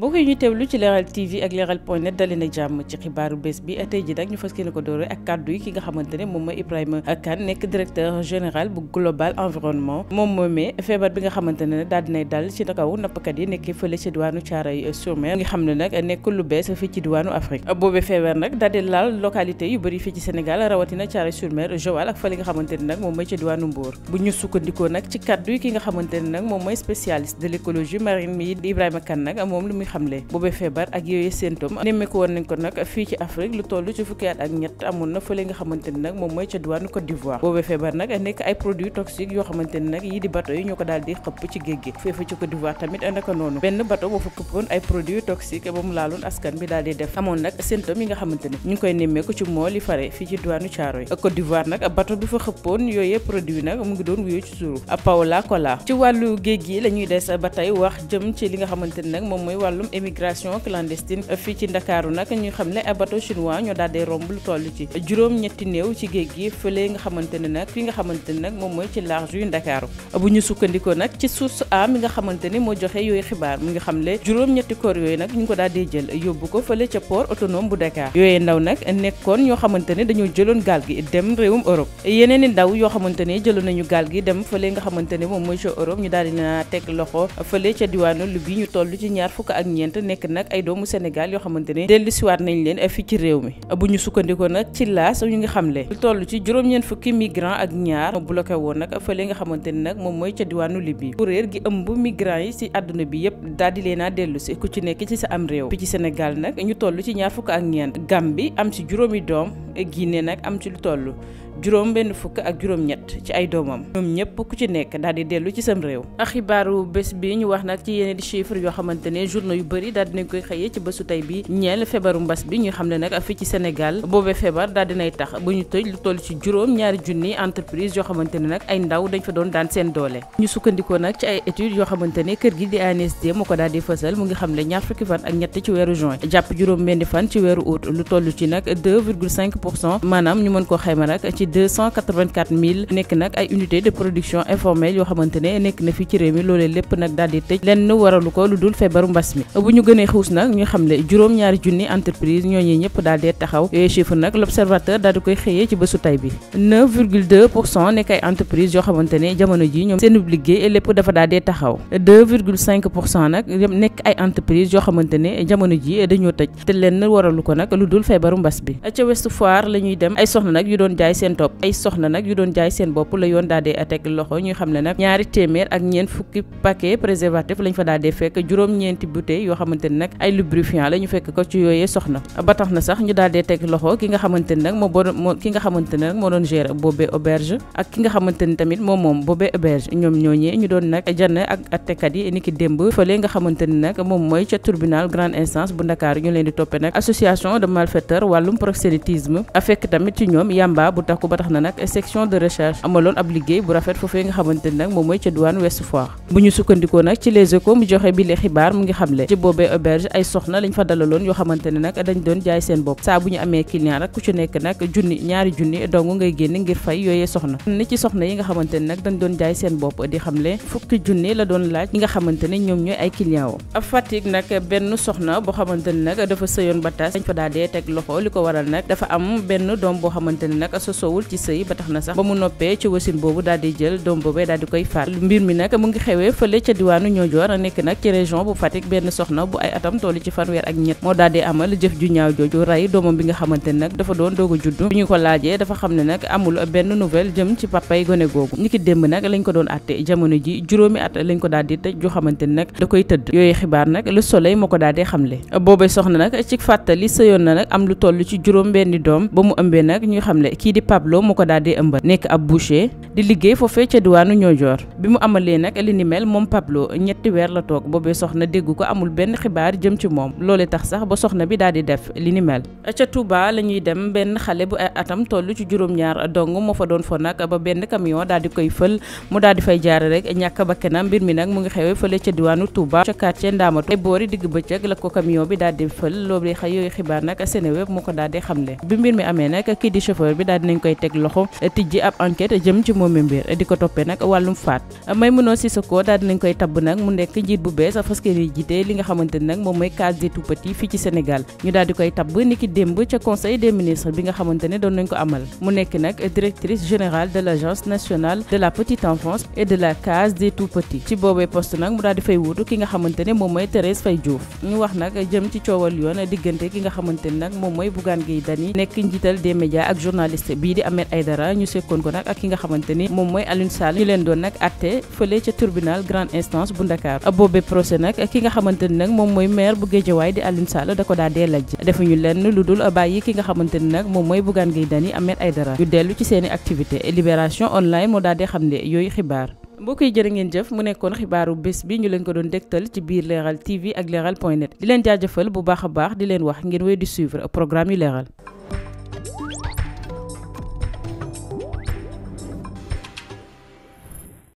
mbokk yi ñu teewlu ci leeral TV ak leeral point net dalee jàmm ci xibaaru bés bi tey ji nag ñu fas yéene ko doore ak kàddu yi ki nga xamante ne moom mooy Ibrahima Kane nekk directeur général bu global moom moomee bi nga xamante ne daal dinay dal ci nakaw nappkat yi nekkee fële ci diwaanu Thiaroye sur Mer ne nag nekk lu bees fii ci diwaanu Afrique boobee feebar nag daal di laal localité yu bëri fii ci Sénégal rawatina Thiaroye sur Mer Joal ak fële nga xamante ne nag moom mooy ci diwaanu Mbour bu ñu sukkandikoo nag ci kàddu yi ki nga xamante nag moom mooy spécialiste de l'écologie marine mi Ibrahima Kane nag moom lu xamle boobee feebar ak yooyu séntoom nemmeeku woon nañ ko nag fii ci Afrique lu toll ci fukki at ak ñett amoon na fële nga xamante nag moom mooy ca wàllum émigration clandestine fii ci ndakaaru nag ñu xam ne bateau chinois ñoo daal di romb lu toll ci juróom-ñetti néew ci géej gi fële nga xamante ne nag fi nga xamante nag moom mooy a mi nga xamante ni moo joxe yooyu xibaar mu ngi xam ne juróom-ñetti koor yooyu nag ñu ko daal di ko fële ca port autonome bu Dakar yooyu ndaw nag nekkoon ñoo xamante ne dañoo jëloon gaal gi dem réewum Europe yeneen i ndaw yoo xamante ne jëloon nañu gaal gi dem fële nga xamante ne moom mooy ca Europe ñu daal di naa teg loxo fële ca diwaanu Libye ñu toll ci ñaar fukk ak ñeent nekk nag ay doomu Sénégal yoo xamante ne dellusiwaat nañ leen fii ci réew mi bu ñu sukkandikoo nag ci laas ñu ngi xam le toll ci juróom-ñeent fukki migrant ak ñaar moo bloqué woon nag fële nga xamante ne nag moom mooy ca diwaanu Libye kuréel gi ëmb migrant yi ci àdduna bi yëpp daal di leen dellu si ku ci nekk ci sa am réew fii ci Sénégal nag ñu toll ci ñaar fukk ak ñeent bi am ci juróomi doom Guinée nag am ci lu toll juróom benn fukk ak juróom ñett ci ay doomam ñoom ñëpp ku ci nekk daal di dellu ci sam réew a xibaaru bés bi ñu wax nag ci yeneen di chiffres yoo xamante ne journaux yu bëri daal dinañ koy xëyee ci bésu tey bi ñeel feebaru mbas bi ñu xam ne nag fii ci Sénégal boobee feebar daal dinay tax ba ñu tëj lu toll ci juróom ñaari junni entreprise yoo xamante ne nag ay ndaw dañ fa doon daan seen doole ñu sukkandikoo nag ci ay études yoo xamante ne kër gi di ANSD moo ko daal di xam ne ñaar fukki fan ak ñett ci weeru juin jàpp juróom benn fan ci weeru août lu toll ci nag 2,5 pour koo xayma nag ci deux cent quatre vingt quatre mille nekk nag ay unité de production informelle yoo xamante ne nekk na fi ci réew mi loolee lépp nag daal di tëj lenn waralu ko lu dul feebaru mbas mi bu ñu gënee xuus nag ñu ñëpp daal di taxaw yooyu chiffre nag l' observateur xëyee ci bésu tay bi 9,2 pour cent nekk ay entreprise yoo xamante ne jamono ji ñoom seen liggéey lépp dafa daal di taxaw 2,5 pour cent nag nekk ay entreprise yoo xamante ne jamono ji dañoo tëj te lenn waralu ko nag lu dul feebaru mbas bi ca Ouest Foire la ñuy dem ay soxna nag yu doon jaay seen topp ay soxna nag yu doon jaay seen bopp la yoon daal di teg loxo ñuy xam ne nag ñaari téeméer ak ñeent fukki paquet préservatif lañ fa daal di fekk juróom-ñeenti bouteille yoo xamante ne nag ay lubrifiant la ñu fekk ko ci yooyee soxna ba tax na sax ñu daal di teg loxo ki nga xamante ne nag moo moo ki nga xamante ne moo doon gérer boobee auberge ak ki tamit moom moom boobee auberge ñoom ñooñee ñu doon nag jann ak attekat yi ni ki démb fële nga xamante ne nag moom mooy ca tribunal grande instance bu Ndakaaru ñu leen di toppee nag association de malfaiteurs wàllum proxénétisme a fekk tamit ci ñoom yamba bu takku ba tax na nag section de recherche amaloon ab liggéey bu rafet foofee nga xamante ni nag moom mooy ca douane Ouest Foire bu ñu sukkandikoo nag ci les Échos mu joxe bi le xibaar mu ngi xamle ci boobee auberge ay soxna lañ fa dalaloon yoo xamante nag dañ doon jaay seen bopp di xamle fukki junni la doon laaj yi nga xamante ñoom ñooy ay client woo nag benn soxna boo xamante nag dafa sëyoon ba tas fa daal teg loxo li ko waral nag dafa am benn doom boo xamante nelawul ci sëy ba tax na sax ba mu noppee ci wasin boobu daal di jël doom boobee daal di koy faat mbir mi nag mu ngi xewee fële ca diwaanu Niodior nekk nag ci région bu Fatick benn soxna bu ay atam toll ci a juróomi at lañ ko daal tëj joo xamante nag da koy tëdd yooyu xibaar nag Le Soleil moo ko daal xamle boobee soxna nag ci fàttali sëyoon na nag am lu toll ci juróom benni doom ba mu ëmbee nag ñu xamle kii di Pape Lo mu ko daal di ëmba nekk ab boucher di liggéey foofee ca diwaanu Ñoojoor bi mu amalee nag li ni mel moom Pablo ñetti weer la toog boobee soxna dégg ko amul benn xibaar jëm ci moom loolee tax sax ba soxna bi daal di def li ni mel ca Touba la ñuy dem benn xale bu ay atam toll ci juróom-ñaar dong moo fa doon fo nag ba benn camion daal di koy fël mu daal di fay jaare rek ñàkk bakkanam mbir mi nag mu ngi xewee fële ca diwaanu Touba ca quartier Ndaamatu ay boori digg la ko bi daal di fël loolee yooyu xibaar nag Seneweb moo ko daal di xamle bi mbir mi amee nag koy teg loxo tijji ab enquête jëm ci moome mbir di ko toppee nag wàllum faat Maimouna Sissoko daal dinañ koy tabb nag mu nekk njiit bu nag moom mooy case des tout-petits fii ci Sénégal ñu daal di koy tabb niki démb ca conseil des ministres bi nga xamante doon nañ ko amal mu nekk nag directrice générale de l' nationale de la petite enfance et de la case des tout-petits ci boobee poste nag mu daal di fay wuutu ki nga xamante moom mooy Thérèse Faye Diouf ñu wax nag Ahmed Aïdara ñu sekkoon ko nag ak ki nga xamante ni moom mooy Alioune Sall ñu leen doon nag atte fële ca tribunal grande instance bu Ndakaar boobee procès nag ki nga xamante ni nag moom mooy maire bu Guédiawaye di Alioune Sall da ko daa deelaj defuñu lenn lu dul bàyyi ki nga xamante ni nag moom mooy Bougane Gueye Dany Ahmed Aïdara yu dellu ci seeni activité Libération Online moo daal di xam ne yooyu xibaar mbokk yi ngeen jëf mu nekkoon xibaaru bés bi ñu leen ko doon dégtal ci biir Leral leen jaajëfal bu baax baax leen wax ngeen wéy di suivre programme yu